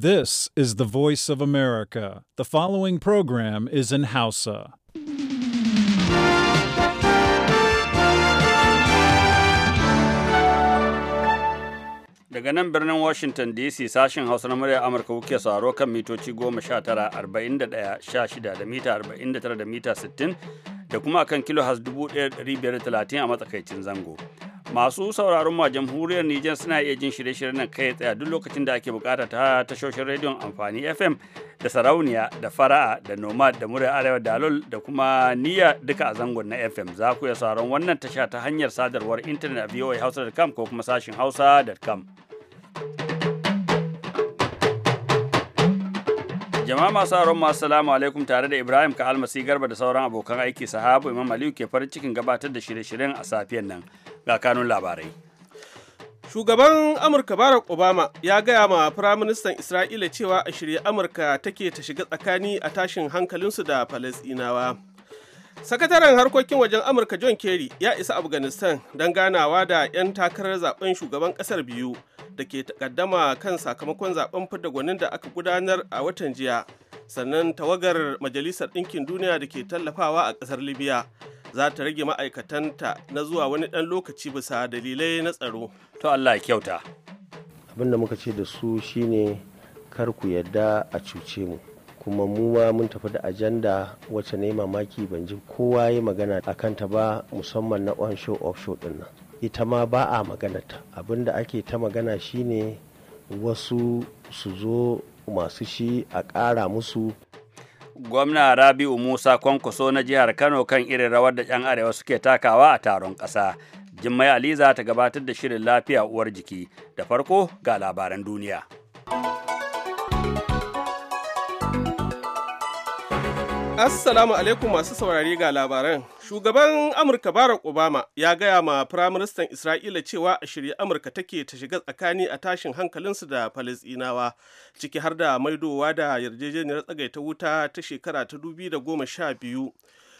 This is the voice of America. The following program is in Hausa. Daga nan birnin Washington DC sashen Hausa na murya Amurka kuke sauraro kan mitoci 19, 41, 16 da mita 49 da mita 60 da kuma kan kilo has 1530 a matsakaicin zango. masu sauraron ma jamhuriyar Nijar suna iya jin shirye-shiryen nan kai tsaye duk lokacin da ake bukata ta tashoshin rediyon amfani FM da sarauniya da fara'a da nomad da murai arewa da alol da kuma niyya duka a zangon na FM za ku iya sauraron wannan tasha ta hanyar sadarwar intanet a voahausa.com ko kuma sashin hausa.com. Jama'a masu aron masu salamu alaikum tare da Ibrahim ka almasi garba da sauran abokan aiki sahabu Imam Aliyu ke farin cikin gabatar da shirye-shiryen a safiyan nan ga kanun labarai. Shugaban Amurka Barack Obama ya gaya ma Firaministan Isra'ila cewa a shirye Amurka take ta shiga tsakani a tashin hankalinsu da Falasɗinawa. Sakataren harkokin wajen Amurka John Kerry ya isa Afghanistan don ganawa da 'yan takarar zaben shugaban kasar biyu da ke takaddama kan sakamakon zaben fidda gwanin da aka gudanar a watan jiya. Sannan tawagar Majalisar Ɗinkin Duniya da ke tallafawa a ƙasar Libya za ta rage ma'aikatanta na zuwa wani ɗan lokaci bisa dalilai na tsaro. To Allah kyauta. Abin da muka ce da su shine kar ku yarda a cuce mu. kuma mu ma mun tafi da ajanda wacce ne mamaki ban ji kowa ya magana a kanta ba musamman na Show Off Show din nan ita ma ba a maganata da ake ta magana shine wasu su zo masu shi a ƙara musu gwamna rabi'u musa kwankwaso na jihar kano kan irin rawar da 'yan arewa suke takawa a taron ƙasa jimmai aliza ta gabatar da shirin lafiya uwar jiki da farko ga labaran duniya Assalamu alaikum masu saurari ga labaran. Shugaban Amurka Barack Obama ya gaya ma Firaministan Isra'ila cewa a shirye Amurka take ta shiga tsakani a tashin hankalinsu da Falasɗinawa, ciki har da maidowa da yarjejeniyar tsagaita wuta ta shekara ta goma sha biyu.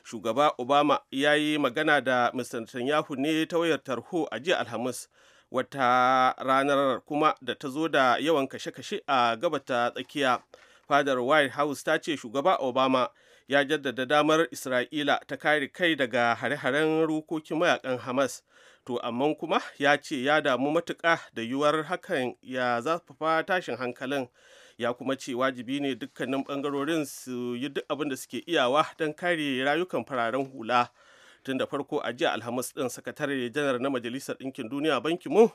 Shugaba Obama ya yi magana da Mr. Netanyahu ne ta wayar tarho a jiya Alhamis, wata ranar kuma da ta zo da yawan kashe-kashe a gabata tsakiya. Fadar White House ta ce shugaba Obama ya jaddada damar isra'ila ta kare kai daga hare-haren rukokin mayakan hamas to amma kuma ya ce ya damu matuƙa da yiwuwar hakan ya zafafa tashin hankalin ya kuma ce wajibi ne dukkanin bangarorin su yi duk abin da suke iyawa don kare rayukan fararen hula. tun da farko a jiya alhamis din sakatare janar na majalisar ɗinkin duniya banki mu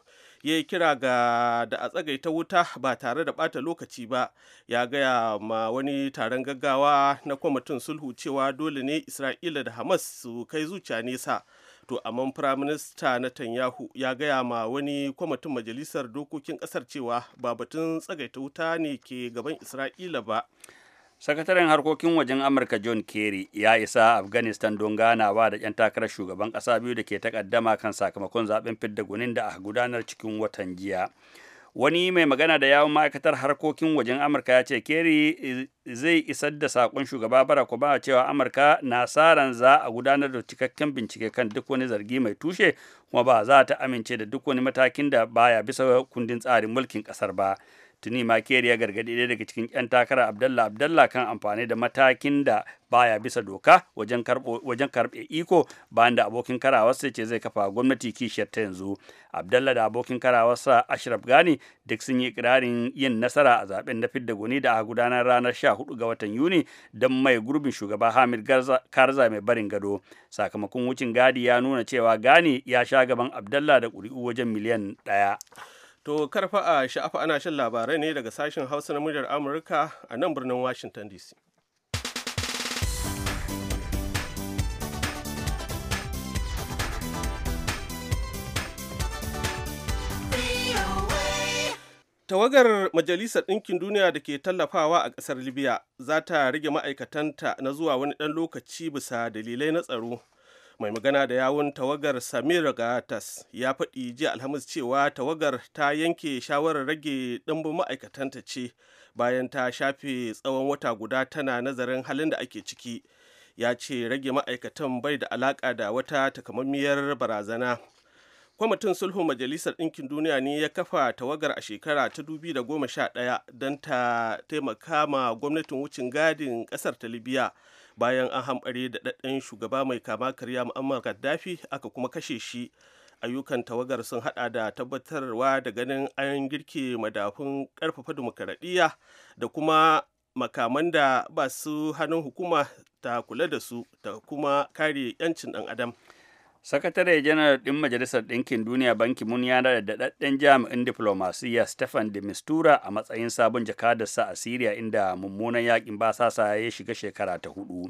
ya yi kira ga da a tsagaita wuta ba tare da bata lokaci ba ya gaya ma wani taron gaggawa na kwamitin sulhu cewa dole ne isra'ila da hamas su kai zuciya nesa to amma firaminista na tanyahu ya gaya ma wani kwamitin majalisar dokokin kasar cewa ba batun tsagaita wuta ne ke gaban isra'ila ba sakataren harkokin wajen amurka john kerry ya isa afghanistan don ganawa da 'yan takarar shugaban ƙasa biyu da ke takaddama kan sakamakon zaben fidda gunin da aka gudanar cikin watan jiya wani mai magana da yawon ma'aikatar harkokin wajen amurka ya ce kerry zai isar da sakon shugaba barack obama cewa amurka na ran za a gudanar da cikakken bincike kan duk wani zargi mai tushe kuma ba za ta amince da duk wani matakin da baya bisa kundin tsarin mulkin ƙasar ba tuni ma keriya gargadi ɗaya daga cikin 'yan takara abdallah abdallah kan amfani da matakin da baya bisa doka wajen karɓe iko bayan da abokin karawarsa ce zai kafa gwamnati kishiyar ta yanzu abdallah da abokin karawarsa ashraf gani duk sun yi ikirarin yin nasara a zaben na fidda goni da aka gudanar ranar 14 ga watan yuni don mai gurbin shugaba hamid karza mai barin gado sakamakon wucin gadi ya nuna cewa gani ya sha gaban abdallah da ƙuri'u wajen miliyan ɗaya. To karfa a sha'afa ana shan labarai ne daga sashen Hausa na muryar Amurka a nan birnin Washington DC. Tawagar Majalisar Ɗinkin Duniya da ke tallafawa a ƙasar Libya za ta rage ma'aikatanta na zuwa wani ɗan lokaci bisa dalilai na tsaro mai magana da yawun tawagar samir gatas ya faɗi jiya alhamis cewa tawagar ta yanke shawarar rage ɗimbin ma'aikatanta ce bayan ta shafe tsawon wata guda tana nazarin halin da ake ciki ya ce rage ma'aikatan bai da alaƙa da wata takamammiyar barazana kwamitin sulhun majalisar ɗinkin duniya ne ya kafa tawagar a shekara ta da goma sha ɗaya don ta taimaka ma gwamnatin wucin gadin ƙasar ta libya bayan an hamɓare da ɗaɗɗen shugaba mai kama karya mu'ammar gaddafi aka kuma kashe shi ayyukan tawagar sun hada da tabbatarwa da ganin an girke madafun ƙarfafa dimokuraɗiyya da kuma makaman da ba su hannun hukuma ta kula da su ta kuma kare 'yancin ɗan adam sakatare janar ɗin majalisar ɗinkin duniya banki mun ya da daɗaɗɗen jami'in diflomasiyya stefan de mistura a matsayin sabon jakadarsa a siriya inda mummunan yakin basasa ya shiga shekara ta hudu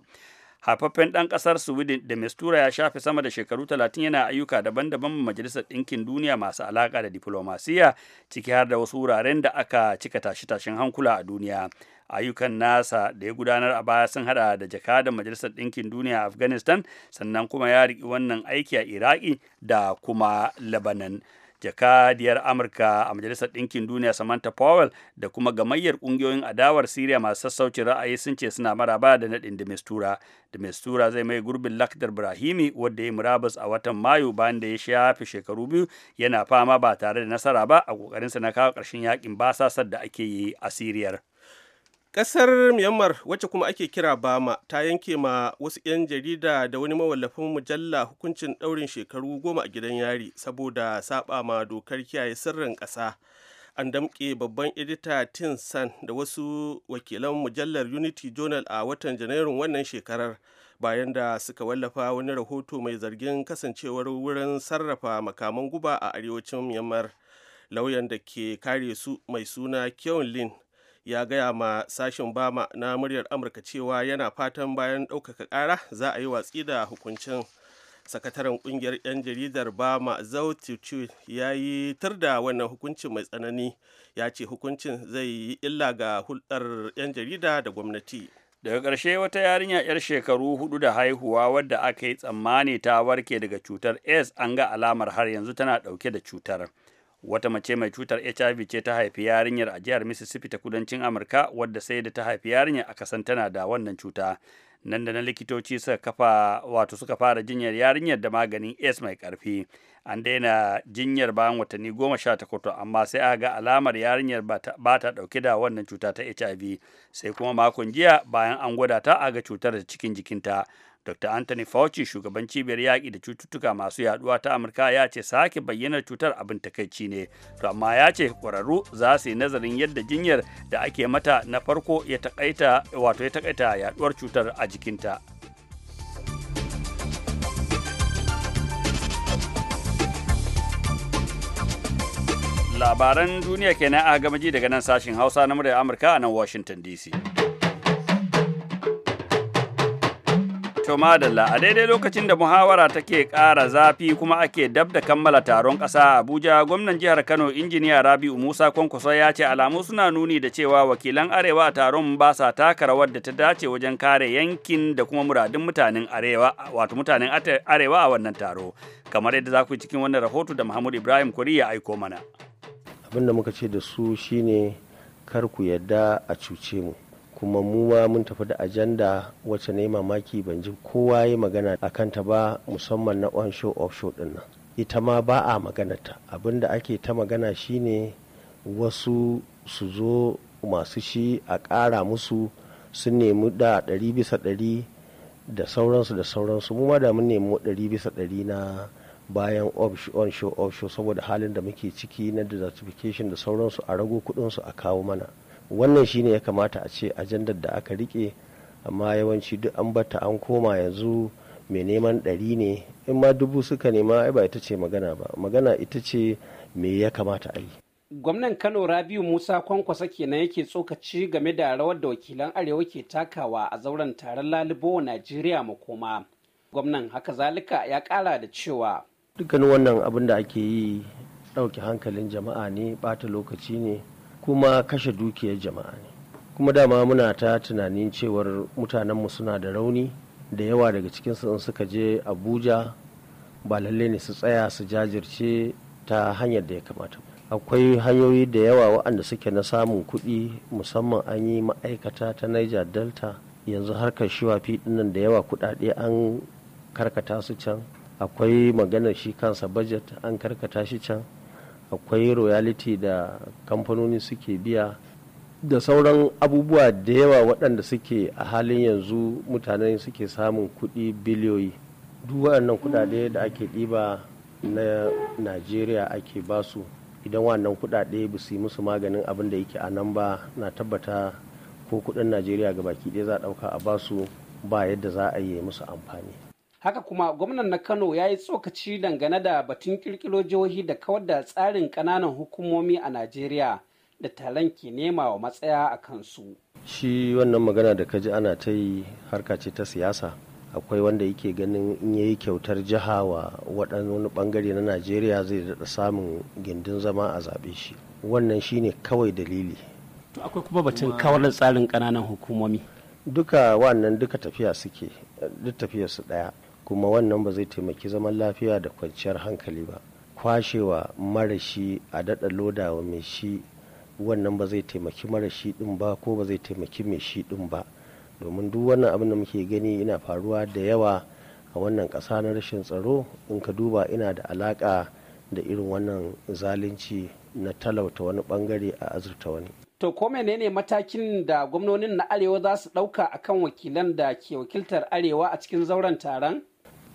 haifaffen ɗan ƙasar sweden de mistura ya shafe sama da shekaru talatin yana ayyuka daban-daban majalisar ɗinkin duniya masu alaƙa da diflomasiyya ciki har da wasu wuraren da aka cika tashe-tashen hankula a duniya ayyukan nasa da ya gudanar a baya sun hada da jakadan majalisar ɗinkin duniya a afghanistan sannan kuma ya riƙi wannan aiki a iraki da kuma lebanon jakadiyar amurka a majalisar ɗinkin duniya samanta powell da kuma gamayyar ƙungiyoyin adawar siriya masu sassaucin ra'ayi sun ce suna maraba da naɗin da mistura da mistura zai mai gurbin lakdar brahimi wadda ya murabus a watan mayu bayan da ya shafi shekaru biyu yana fama ba tare da nasara ba a ƙoƙarinsa na kawo ƙarshen yaƙin basasar da ake yi a siriyar Ƙasar Myanmar wacce kuma ake kira Bama ta yanke ma wasu 'yan jarida da wani mawallafin mujalla hukuncin ɗaurin shekaru goma a gidan yari saboda saba ma dokar kiyaye sirrin ƙasa. An damƙe babban edita Tin San da wasu wakilan mujallar Unity Journal a watan Janairun wannan shekarar bayan da suka wallafa wani rahoto mai zargin kasancewar wurin sarrafa makaman guba a arewacin Myanmar. Lauyan da ke kare su mai suna Kyon Lin ya gaya ma sashin bama na muryar amurka cewa yana fatan bayan ɗaukaka ƙara za a yi watsi da hukuncin sakataren ƙungiyar 'yan jaridar bama zaututu ya yi tar da wannan hukuncin mai tsanani ya ce hukuncin zai yi illa ga hulɗar 'yan jarida da gwamnati daga ƙarshe wata yarinya 'yar shekaru hudu da haihuwa wadda aka yi tsammani ta warke daga cutar s an ga alamar har yanzu tana ɗauke da cutar wata mace mai cutar hiv ce ta haifi yarinyar a jihar mississippi ta kudancin amurka wadda sai da ta haifi yarinyar aka san tana da wannan cuta nan da na likitoci suka kafa wato suka fara jinyar yarinyar da maganin s mai karfi an daina jinyar bayan watanni goma sha takwato amma sai aka ga alamar yarinyar ba ta dauke da wannan cuta ta hiv sai kuma makon jiya bayan an gwada ta aga cutar da cikin jikinta Dr. Anthony Fauci shugaban cibiyar yaƙi da cututtuka masu yaduwa ta Amurka ya ce sake bayyanar cutar abin takaici ne, to amma ya ce ƙwararru za su yi nazarin yadda jinyar da ake mata na farko ya takaita wato ya takaita yaduwar cutar a jikinta. Labaran duniya kenan a gamaji daga nan sashin Hausa na murya Amurka a nan Washington DC. To madalla a daidai lokacin da muhawara take kara zafi kuma ake dab da kammala taron ƙasa Abuja gwamnan jihar Kano injiniya Rabi'u Musa Kwankwaso ya ce alamu suna nuni da cewa wakilan Arewa a taron ba sa taka rawar da ta dace wajen kare yankin da kuma muradin mutanen Arewa wato mutanen Arewa a wannan taro kamar yadda za ku yi cikin wannan rahoto da Mahmud Ibrahim Kuri ya aiko mana. Abin da muka ce da su shine kar ku yadda a cuce mu. kuma mu ma mun tafi da ajanda wacce na mamaki ban ji kowa ya magana a kanta ba musamman na onshore show din nan ita ma ba a maganata da ake ta magana shine wasu su zo masu shi a ƙara musu sun nemi da ɗari bisa ɗari da sauransu da sauransu mu ma da mun nemi ɗari bisa ɗari na bayan on-show-off-show saboda halin da muke ciki na desertification da sauransu a rago kudinsu a kawo mana wannan shine ya kamata a ce ajandar da aka rike amma yawanci duk an bata an koma yanzu mai neman ɗari ne in ma dubu suka nema ai ba ita ce magana ba magana ita ce me ya kamata a yi gwamnan kano rabiu musa kwankwasa kenan yake tsokaci game da rawar da wakilan arewa ke takawa a zauren taron lalibo najeriya makoma gwamnan haka zalika ya kara da cewa dukkanin wannan abin da ake yi ɗauke hankalin jama'a ne bata lokaci ne kuma kashe dukiyar jama'a ne kuma dama muna ta tunanin cewar mutanenmu suna da rauni da yawa daga cikinsu in suka je abuja ba lalle ne su tsaya su jajirce ta hanyar da ya kamata akwai hanyoyi da yawa waɗanda suke na samun kuɗi musamman an yi ma'aikata ta niger delta yanzu harkar shiwafi ɗinnan da yawa kuɗaɗe an karkata su can akwai maganar shi kansa budget an karkata shi can akwai royalty da kamfanoni suke biya da sauran abubuwa da yawa waɗanda suke a halin yanzu mutanen suke samun kuɗi biliyoyi duk waɗannan kuɗaɗe da ake ɗiba na najeriya ake basu idan waɗannan kuɗaɗe ba su yi musu maganin abin da yake a nan ba na tabbata ko kuɗin najeriya ga baki ɗaya za a ɗauka a basu ba yadda za a yi musu amfani haka kuma gwamnan na kano ya yi tsokaci dangane da batun kirkiro jihohi da kawar da tsarin ƙananan hukumomi a najeriya da taron ke nema wa matsaya a kansu shi wannan magana da ka ji ana ta yi harka ce ta siyasa akwai wanda yake ganin in yayi kyautar jiha wa waɗannan wani ɓangare na najeriya zai daɗa samun gindin zama a zaɓe shi wannan shine kawai dalili to akwai kuma batun kawar da tsarin ƙananan hukumomi duka wannan duka tafiya suke duk tafiyarsu daya. kuma wannan ba zai taimaki zaman lafiya da kwanciyar hankali ba kwashewa marashi a daɗa lodawa mai shi wannan ba zai taimaki marashi ɗin ba ko ba zai taimaki mai shi ɗin ba domin duk wannan abin da muke gani ina faruwa da yawa a wannan ƙasa na rashin tsaro in ka duba ina da alaƙa da irin wannan zalunci na talauta wani bangare a azurta wani To ko menene matakin da gwamnonin na Arewa za su ɗauka akan wakilan da ke wakiltar Arewa a cikin zauren taron?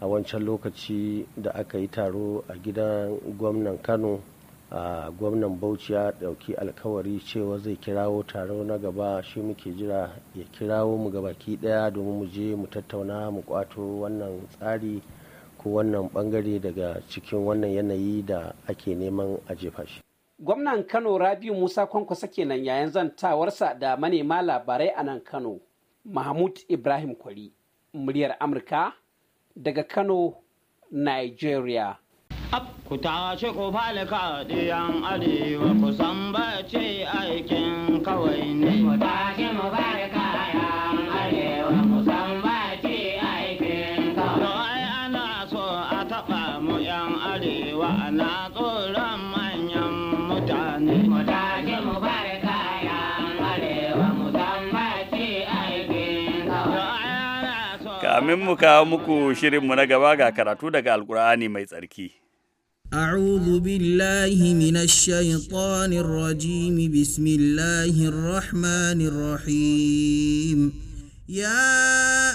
a wancan lokaci da aka yi taro a gidan gwamnan kano a gwamnan bauchi ya dauki alkawari cewa zai kirawo taro na gaba shi muke jira ya kirawo mu gabaki daya domin mu je mu tattauna mu kwato wannan tsari ko wannan bangare daga cikin wannan yanayi da ake neman a jefa shi gwamnan kano rabiu musa kwankwasa kenan yayin zantawarsa da manema labarai a nan kano mahmud ibrahim kwari muryar amurka daga Kano, Nigeria. Ku tashi ku falka ɗiyan arewa ku san aikin kawai ne. Kamin mu kawo muku shirinmu na gaba ga karatu daga Alkur'ani mai tsarki. أعوذ بالله من الشيطان الرجيم بسم الله الرحمن الرحيم يا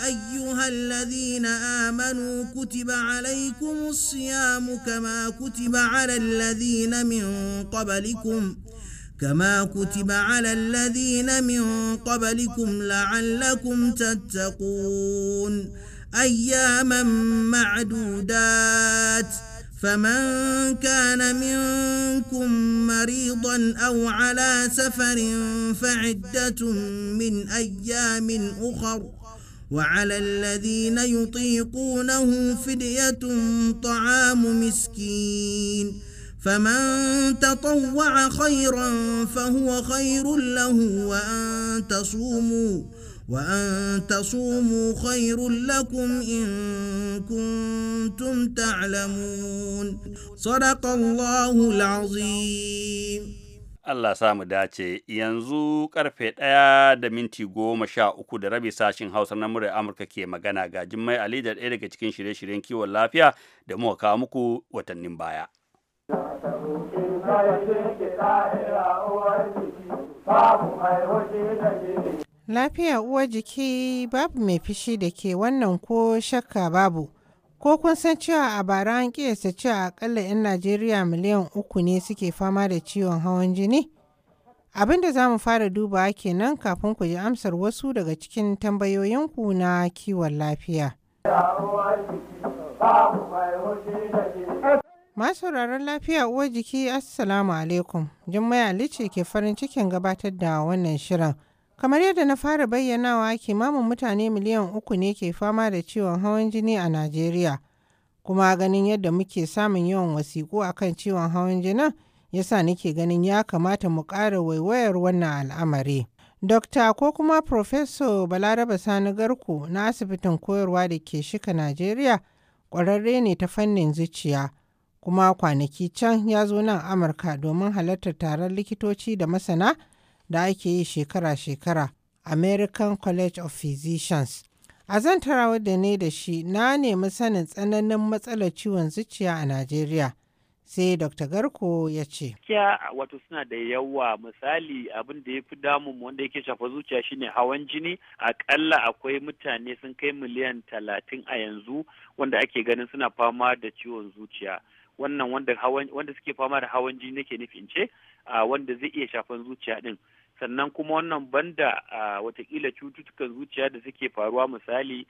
أيها الذين آمنوا كتب عليكم الصيام كما كتب على الذين من قبلكم ۖ كما كتب على الذين من قبلكم لعلكم تتقون اياما معدودات فمن كان منكم مريضا او على سفر فعده من ايام اخر وعلى الذين يطيقونه فديه طعام مسكين فمن تطوع خيرا فهو خير له وأن تصوموا وأن تصوموا خير لكم إن كنتم تعلمون صدق الله العظيم Allah samu dace yanzu karfe ɗaya da minti goma sha uku da rabi sashin Hausa na murar Amurka ke magana ga Jummai Ali da ɗaya daga cikin shirye-shiryen kiwon lafiya da muka kawo muku watannin baya. Lafiya uwar jiki babu mai fishi da ke wannan ko shakka babu. Ko kun san cewa a bara an kiyasta cewa akalla 'yan Najeriya miliyan uku ne suke fama da ciwon hawan jini? Abinda za mu fara dubawa kenan kafin ku ji amsar wasu daga cikin tambayoyinku na kiwon lafiya. sauraron lafiya uwa jiki assalamu alaikum jummai ali ce ke farin cikin gabatar da wannan shirin kamar yadda na fara bayyanawa kimanin mutane miliyan uku ne ke fama da ciwon hawan jini a najeriya kuma ganin yadda muke samun yawan wasiƙu kan ciwon hawan jinin yasa nake ganin ya kamata mu ƙara waiwayar wannan al'amari dokta ko kuma Profeso balaraba sani garku na asibitin koyarwa da ke shika najeriya ƙwararre ne ta fannin zuciya kuma kwanaki can ya zo nan amurka domin halartar taron likitoci da masana da ake yi shekara-shekara american college of physicians a zantarawar da ne da shi na nemi sanin tsananin matsalar ciwon zuciya a najeriya sai dr garko ya ce wato suna da yawa misali abin da ya fi damun wanda yake shafa zuciya shine hawan jini akalla akwai mutane sun kai miliyan talatin a yanzu wanda ake ganin suna fama da ciwon zuciya wannan wanda hawan wanda suke fama da hawan jini nake nufin ce wanda zai iya shafan zuciya din sannan kuma wannan banda watakila cututtukan zuciya da suke faruwa misali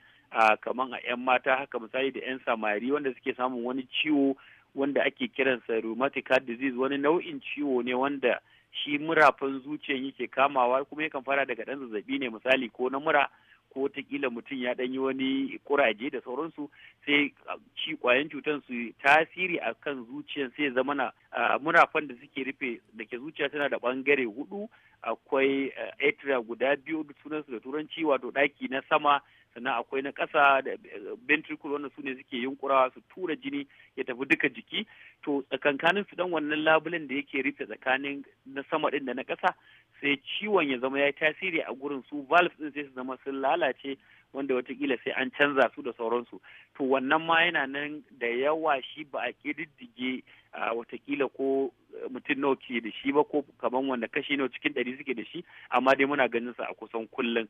kamar a 'yan mata haka misali da 'yan samari wanda suke samun wani ciwo wanda ake kiransa rheumatic heart disease wani nau'in ciwo ne wanda shi murafin zuciyan yake kamawa kuma yakan fara daga ɗan zazzabi ne misali ko na mura ko watakila mutum ya ɗanyi wani kuraje da sauransu sai shi kwayan cutan su tasiri a kan zuciyar sai zama na munafan da suke rufe da ke zuciya tana da ɓangare hudu akwai eh, atria guda biyu sunansu da turanci wato ɗaki na sama sannan akwai na ƙasa da eh, ventricle wanda su ne suke yunkurawa su tura jini ya tafi duka jiki to tsakankanin su dan wannan labulen da yake rufe tsakanin na sama din da na ƙasa sai ciwon ya zama ya yi tasiri a gurin su valves din sai su zama sun lalace wanda watakila sai an canza su da sauransu to wannan ma yana nan da yawa shi ba a a watakila ko eh, mutum nawa ke da shi ba ko kaman wanda kashi nawa cikin ɗari suke da shi amma dai muna ganin sa a kusan kullum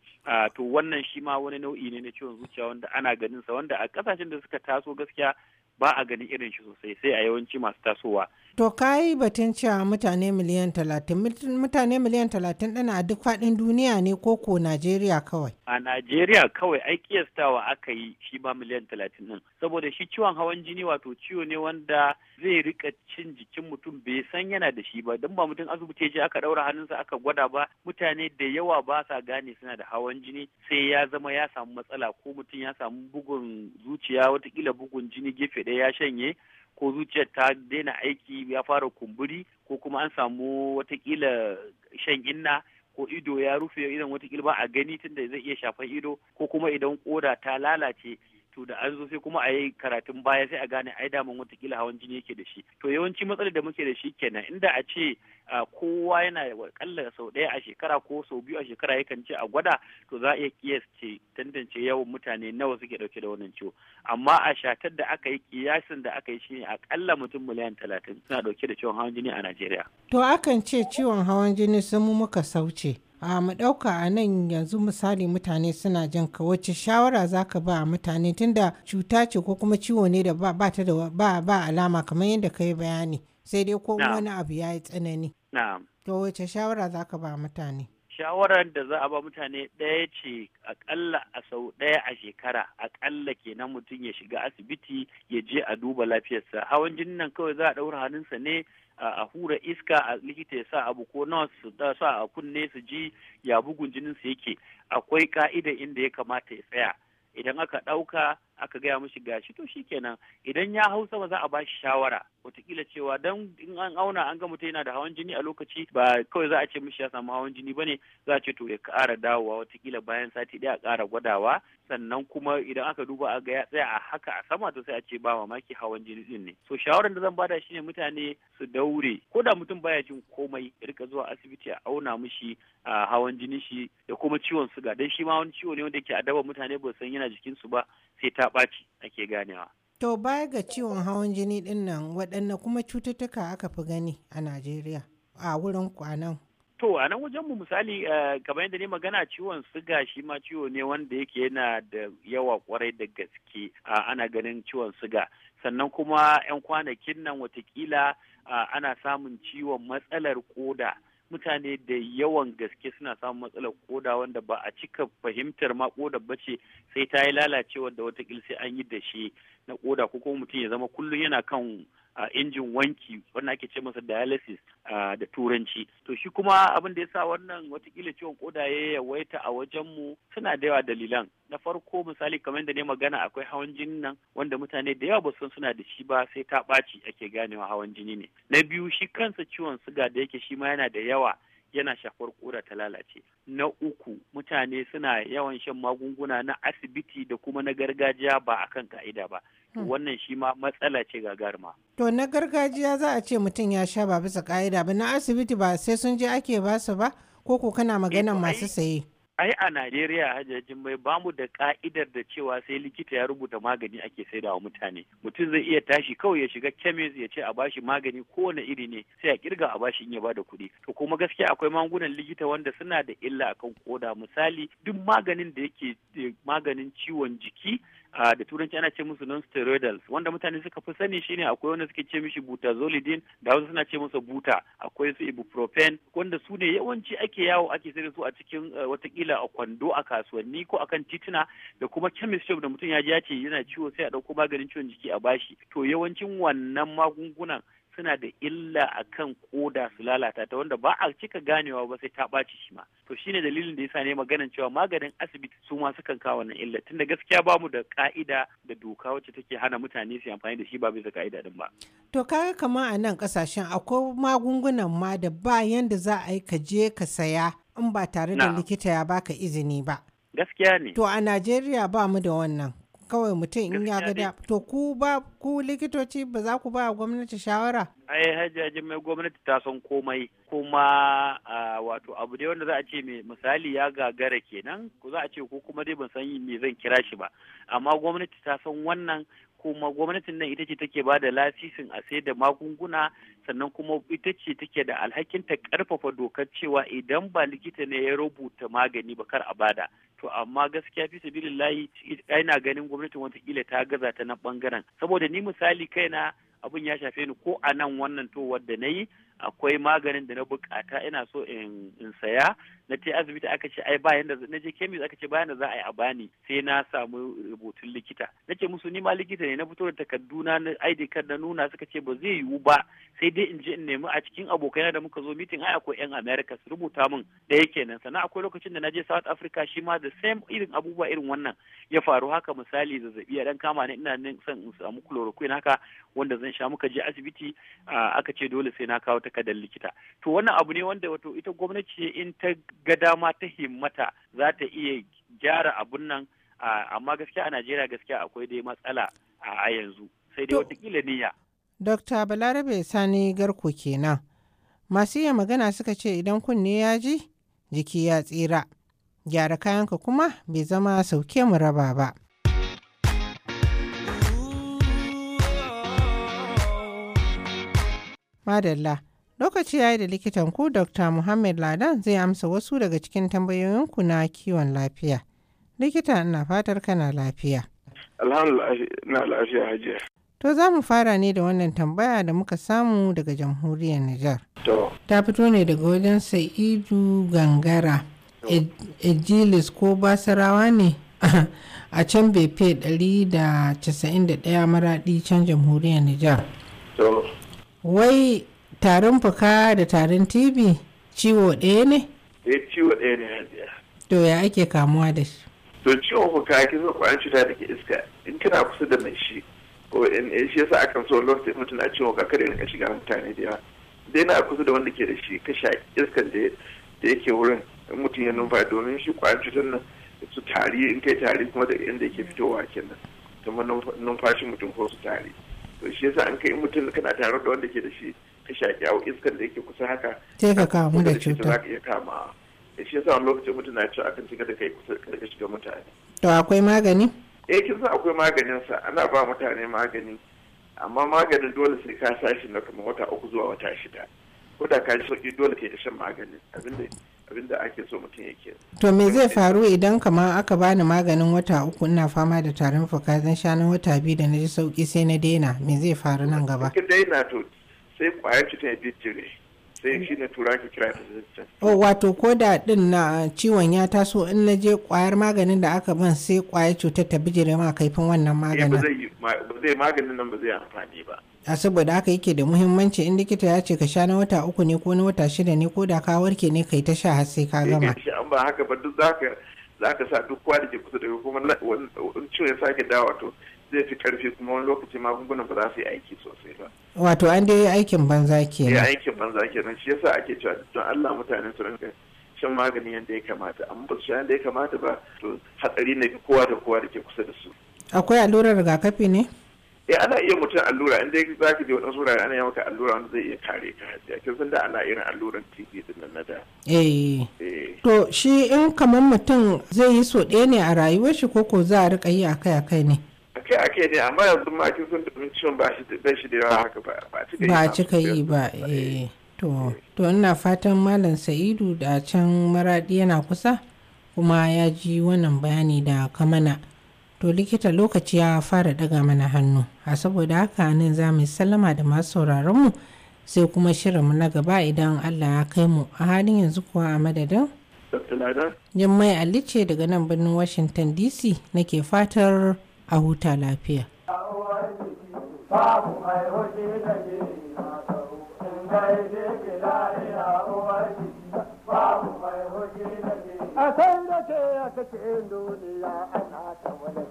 to wannan shi ma wani nau'i ne na ciwon zuciya wanda ana ganin sa wanda a ƙasashen da suka taso gaskiya ba a ganin irin shi sosai sai a yawanci masu tasowa To kai batun cewa mutane miliyan talatin, mutane miliyan talatin ɗana a duk faɗin duniya ne ko ko Najeriya kawai? A Najeriya kawai ai kiyastawa aka yi shi ma miliyan talatin ɗin. Saboda shi ciwon hawan jini wato ciwo ne wanda zai rika cin jikin mutum bai san yana da shi ba don ba mutum asibiti je aka ɗaura hannunsa aka gwada ba mutane da yawa ba sa gane suna da hawan jini sai ya zama ya samu matsala ko mutum ya samu bugun zuciya watakila bugun jini gefe ɗaya ya shanye ko zuciyar ta daina aiki ya fara kumburi ko kuma an samu watakila shan inna ko ido ya rufe idan watakila ba a gani tunda zai iya shafan ido ko kuma idan koda ta lalace to da an zo sai kuma a yi karatun baya sai a gane ai daman watakila hawan jini yake da shi to yawanci matsalar da muke da shi kenan inda a ce kowa yana kalla sau ɗaya a shekara ko sau biyu a shekara yakan ce a gwada to za a iya kiyasce tantance yawan mutane nawa suke ɗauke da wannan ciwo amma a shatar da aka yi kiyasin da aka yi shine akalla mutum miliyan talatin suna ɗauke da ciwon hawan jini a Najeriya. To akan ce ciwon hawan jini sun muka sauce. a mu ɗauka a nan yanzu misali mutane suna jin ka wacce shawara za ka ba mutane tunda cuta ce ko kuma ciwo ne da ba ta da ba ba alama kamar yadda ka yi bayani sai dai ko wani abu ya yi tsanani to wacce shawara za ka ba mutane shawarar da za a ba mutane ɗaya ce akalla a sau ɗaya a shekara akalla kenan mutum ya shiga asibiti ya je a duba lafiyarsa hawan jinin nan kawai za a ɗaura hannunsa ne a hura iska a likita ya sa abu ko nawa su sa a kunne su ji ya bugun jininsa yake akwai ka'ida inda ya kamata ya tsaya idan aka ɗauka aka gaya mishi gashi to shi kenan idan ya hau sama za a bashi shawara wataƙila cewa dan in an auna an ga mutum yana da hawan jini a lokaci ba kawai za a ce mishi ya samu hawan jini bane za a ce to ya ƙara dawowa wataƙila bayan sati ɗaya a ƙara gwadawa sannan kuma idan aka duba a ga ya tsaya a haka a sama to sai a ce ba mamaki hawan jini din ne so shawaran da zan bada shine mutane su daure ko da mutum baya jin komai ya rika zuwa asibiti a auna mishi hawan jini shi da kuma ciwon suga dan shi ma wani ciwo ne wanda a adaba mutane ba san yana jikinsu ba sai ta ɓaci ake ganewa. To baya ga ciwon hawan jini ɗin nan waɗanne kuma cututtuka aka fi gani a Najeriya a wurin kwanan. To a nan wajenmu misali eh, kamar yadda ne magana ciwon siga shi ma ciwo ne wanda yake yana da yawa kwarai da gaske ana ganin ciwon siga. Sannan kuma 'yan kwanakin nan watakila ana samun ciwon matsalar koda. mutane da yawan gaske suna samun matsalar koda wanda ba a cika fahimtar ma koda ba ce sai ta yi lalacewa da watakil sai an yi da shi na koda ko kuma mutum ya zama kullum yana kan injin wanki wannan ake ce masa dialysis da turanci to shi kuma abin da ya sa wannan watakila ciwon koda ya yawaita a wajen mu suna da yawa dalilan na farko misali kamar da ne magana akwai hawan jini nan wanda mutane da yawa ba san suna da shi ba sai ta ɓaci ake ganewa hawan jini ne na biyu shi kansa ciwon suga da yake shi ma yana da yawa yana shafar koda ta lalace na uku mutane suna yawan shan magunguna na asibiti da kuma na gargajiya ba akan ka'ida ba hmm. wannan shi ma matsala ce ga garma. to na gargajiya za a ce mutum ya sha ba bisa ka'ida ba na asibiti ba sai sun je ake basu ba ko ko kana maganan eh, masu saye ai a Najeriya hajjajin mai bamu da ka'idar da cewa sai likita ya rubuta magani ake saida wa mutane mutum zai iya tashi kawai ya shiga kemis ya ce a bashi magani kowane iri ne sai a kirga a bashi in ya bada kuɗi to kuma gaskiya akwai magungunan likita wanda suna da illa akan koda misali duk maganin da yake maganin ciwon jiki da turanci ana ce musu non-steroidals wanda mutane suka fi sani shine akwai wanda suke ce mishi butazolidine da wasu suna ce masa buta akwai su ibuprofen wanda su ne yawanci ake yawo ake sayar su a cikin eh, watakila a kwando a kasuwanni ko akan tituna da kuma chemist shop da mutum ya ji ya ce yana ciwo sai a ɗauko maganin ciwon jiki a bashi to yawancin wannan magungunan suna da illa a kan koda su lalata ta wanda ba a cika ganewa ba sai ta ɓaci shi ma to shine dalilin da ya sa ne maganan cewa maganin asibiti su ma sukan kawo wannan illa tunda gaskiya ba mu da ka'ida da doka wacce take hana mutane su yi amfani da shi ba bisa ka'ida din ba to kaga kamar a nan kasashen akwai magungunan ma da ba yanda za a yi ka je ka saya in ba tare da likita ya baka izini ba gaskiya ne to a Najeriya ba mu da wannan kawai mutum in ya ga to ku ba ku likitoci ba za ku ba gwamnati shawara ai hajjaji mai gwamnati ta san komai kuma wato abu dai wanda za a ce mai misali ya gagara kenan ku za a ce ko kuma dai ban san me zan kira shi ba amma gwamnati ta san wannan kuma gwamnatin nan ita ce take ba da lasisin a sai da magunguna sannan kuma ita ce take da alhakin ta karfafa dokar cewa idan ba likita ne ya rubuta magani ba kar a bada to amma gaskiya fi sabilillahi ina ganin gwamnatin watakila ta gaza ta na bangaren saboda ni misali kaina abin ya shafe ni ko a nan wannan to wadda na yi akwai maganin da na bukata ina so in saya na je asibiti aka ce ai bayan da na je kemis aka ce bayan da za a yi a bani sai na samu rubutun likita na nace musu ni ma likita ne na fito da takardu na ID card na nuna suka ce ba zai yiwu ba sai dai in je in nemi a cikin abokaina da muka zo mitin ai akwai yan America su rubuta min da yake nan sannan akwai lokacin da na je South Africa shi ma da same irin abubuwa irin wannan ya faru haka misali zazzabi ya dan kama ni ina son in samu chloroquine haka wanda zan zan sha muka je asibiti aka ce dole sai na kawo takardar likita to wannan abu ne wanda wato ita gwamnati ce in ta ga dama ta himmata za ta iya gyara abun nan amma gaskiya a Najeriya gaskiya akwai dai matsala a yanzu sai dai watakila niyya. Dokta Balarabe Sani Garko kenan. Masu iya magana suka ce idan kunne ya ji, jiki ya tsira. Gyara kayanka kuma bai zama sauke mu raba ba. Madalla, lokaci ya yi da likitan ku Dr. Muhammad Ladan zai amsa wasu daga cikin tambayoyinku na kiwon lafiya. Likita ina fatar kana lafiya. Alhamdulillah na lafiya hajiya. To za mu fara ne da wannan tambaya da muka samu daga jamhuriyar Nijar. Ta fito ne daga wajen Sa'idu Gangara. E, Ejilis ko Basarawa ne a can Bepe 191 maraɗi can jamhuriyar Nijar. wai tarin fuka da tarin tibi ciwo ɗaya ne? eh ciwo ɗaya ne to ya ake kamuwa da shi to ciwon fuka ki zo kwayan cuta da ke iska in kana kusa da mai shi ko in eh, shi yasa akan so lokacin mutum na ciwon fuka kada ka shiga mutane da yawa dai na kusa da wanda ke da shi ka sha iskan da yake wurin in mutum ya numfa domin shi kwayan cutar nan su tari in kai tari kuma da inda yake fitowa kenan kamar numfashi mutum ko su tari to shi yasa an kai mutum kana tare da wanda ke da shi ka shaƙi a iskar da yake kusa haka sai ka kamu da cuta za ka iya kama eh, shi yasa wani lokacin mutum na cewa akan shiga da kai kusa da ka shiga mutane to akwai magani eh kin san akwai maganin sa ana ba mutane magani amma maganin dole sai ka sashi na kamar wata uku zuwa wata shida ko da ka ji sauki dole kai da shan maganin abinda abinda ake so mutum ya ke. to me zai faru idan kama aka bani maganin wata uku ina fama da tarin fuka zan sha na wata biyu da na ji sauki sai na daina me zai faru nan gaba ka daina to sai kwayar cutar ya bijire sai shi na tura ki kira resistance oh wato ko da din na ciwon ya taso in na je kwayar maganin da aka ban sai kwayar cutar ta bijire ma kaifin wannan eh, maganin ba zai maganin nan ba zai amfani ba a saboda haka yake da muhimmanci in likita ya ce ka sha na wata uku ne ko na wata shida ne ko da ka warke ne kai ta sha har sai ka eh, gama an ba haka ba duk zaka zaka sa duk kwa da ke kusa daga kuma wani ciwo ya sake dawa to zai fi karfi kuma wani lokaci magungunan ba za su yi aiki sosai ba wato an dai aikin banza kenan ya eh, aikin banza kenan shi yasa ake cewa don Allah mutane su rinka shan magani yadda ya kamata amma ba su sha yadda ya kamata ba to hatsari ne kowa da kowa da ke kusa da su akwai allurar rigakafi ne e ana iya mutum allura in dai za ka je wadansu wurare ana yawon maka allura wanda zai iya kare ka hajiya kin san da ana irin alluran tv din nan na da eh. eh to shi in kamar mutum zai yi so ɗaya ne a rayuwar shi ko ko za a rika yi akai akai ne akai akai ne amma yanzu ma kin san domin ciwon ba shi da shi da yawa haka ba ba cika yi ba cika yi ba eh, eh. to to ina fatan malam sa'idu da can maradi yana kusa kuma ya ji wannan bayani da kamana. to likita lokaci ya fara daga mana hannu a saboda haka nan za mu sallama da masu sauraron mu sai kuma shirinmu na gaba idan allah ya kai mu a halin yanzu kuwa a madadin yin mai alice daga nan birnin washington dc nake fatar a huta lafiya Babu mai hoji da ke na in dai ke lari a a da ke duniya ana ta wani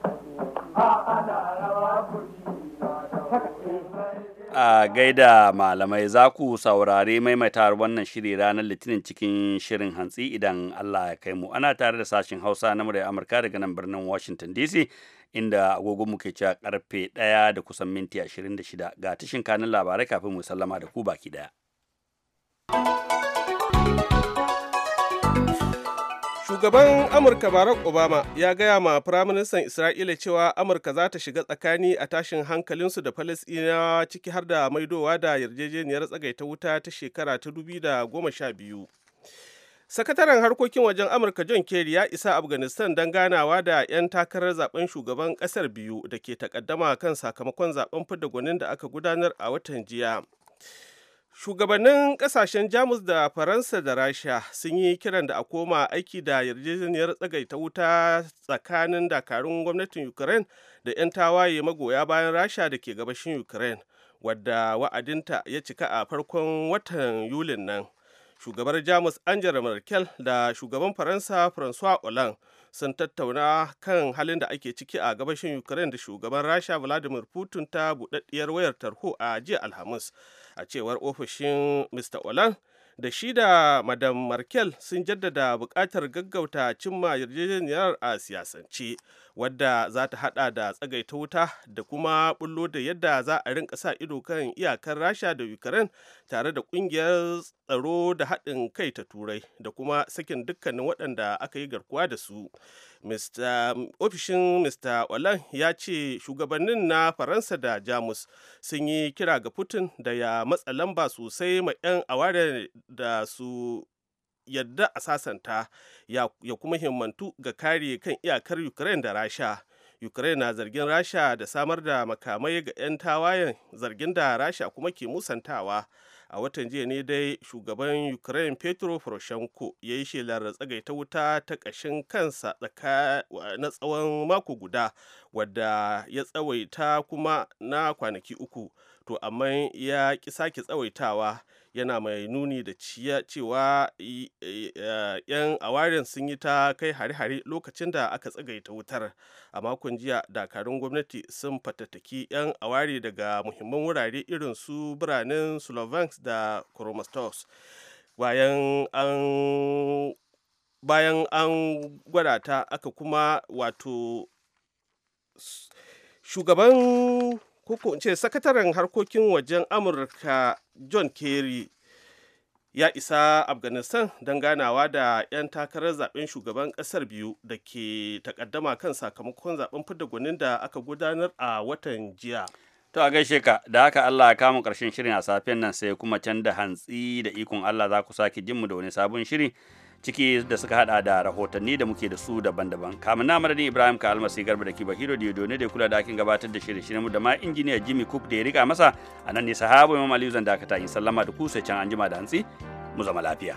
a gaida malamai za ku saurari maimaitar wannan shiri ranar litinin cikin shirin hantsi idan Allah ya kai mu ana tare da sashen hausa na murya amurka daga nan birnin washington dc inda agogon mu ke cewa karfe ɗaya da kusan minti 26 ga tashin kanin labarai kafin mu sallama da ku baki ɗaya. Shugaban Amurka Barack Obama ya gaya ma Firaministan Isra'ila cewa Amurka za ta shiga tsakani a tashin hankalinsu da Falasɗinawa ciki har da maidowa da yarjejeniyar tsagaita wuta ta shekara ta da biyu. Sakataren harkokin wajen Amurka John Kerry ya isa Afghanistan don ganawa da 'yan takarar zaben shugaban ƙasar biyu da ke takaddama kan sakamakon zaben fidda gwanin da aka gudanar a watan jiya. Shugabannin kasashen Jamus da Faransa da Rasha sun yi kiran da a koma aiki da yarjejeniyar tsagaita wuta tsakanin dakarun gwamnatin Ukraine da 'yan tawaye magoya bayan Rasha da ke gabashin Ukraine, wadda wa'adinta ya cika a farkon watan Yulin nan. Shugabar Jamus Angela Merkel da shugaban Faransa François Hollande sun tattauna kan halin da ake ciki a gabashin Ukraine da shugaban Rasha Vladimir Putin ta buɗaɗɗiyar wayar tarho a jiya Alhamis. a cewar ofishin mr olan da shi da madam markel sun jaddada bukatar gaggauta cimma yarjejeniyar a siyasance wadda za ta hada da tsagaita wuta da kuma bullo da yadda za a rinka sa ido kan iyakar rasha da ukraine tare da kungiyar tsaro da haɗin kai ta turai da kuma sakin dukkanin waɗanda aka yi garkuwa da su um, ofishin mr olan ya ce shugabannin na faransa da jamus sun yi kira ga putin da ya matsa lamba sosai ma 'yan aware da su yadda a sasanta ya, ya kuma himmantu ga kare kan iyakar ukraine da rasha ukraine na zargin rasha da samar da makamai ga 'yan tawayen zargin da rasha kuma ke musantawa a watan jiya ne dai shugaban ukraine petro poroshenko ya yi shelar tsagaita wuta ta ƙashin kansa na tsawon mako guda wadda ya tsawaita kuma na kwanaki uku to amma ya ki sake tsawaitawa yana mai nuni da cewa yan awarin sun yi ta kai hare-hare lokacin da aka tsagaita wutar a makon jiya dakarun gwamnati sun fatattaki yan awari daga muhimman wurare irin su biranen slovaks da kromostos bayan an bayan an gwada ta aka kuma wato shugaban ko ce sakataren harkokin wajen amurka john kerry ya isa afghanistan don ganawa da 'yan takarar zaben shugaban kasar biyu da ke takaddama kan sakamakon zaben fidda gwanin da aka gudanar a watan jiya to a gaishe ka da haka allah ya kama karshen shirin a safiyan nan sai kuma can da hantsi da ikon allah za ku sake jinmu da wani sabon shiri ciki da suka hada da rahotanni da muke da su daban-daban kamun na madadin ibrahim ka almasi garba da kiba hiro da ne da kula da akin gabatar da shirye shirye da ma injiniya jimmy cook da ya rika masa a nan ne sahabu imam aliyu zan dakata in sallama da ku can anjima da hantsi mu zama lafiya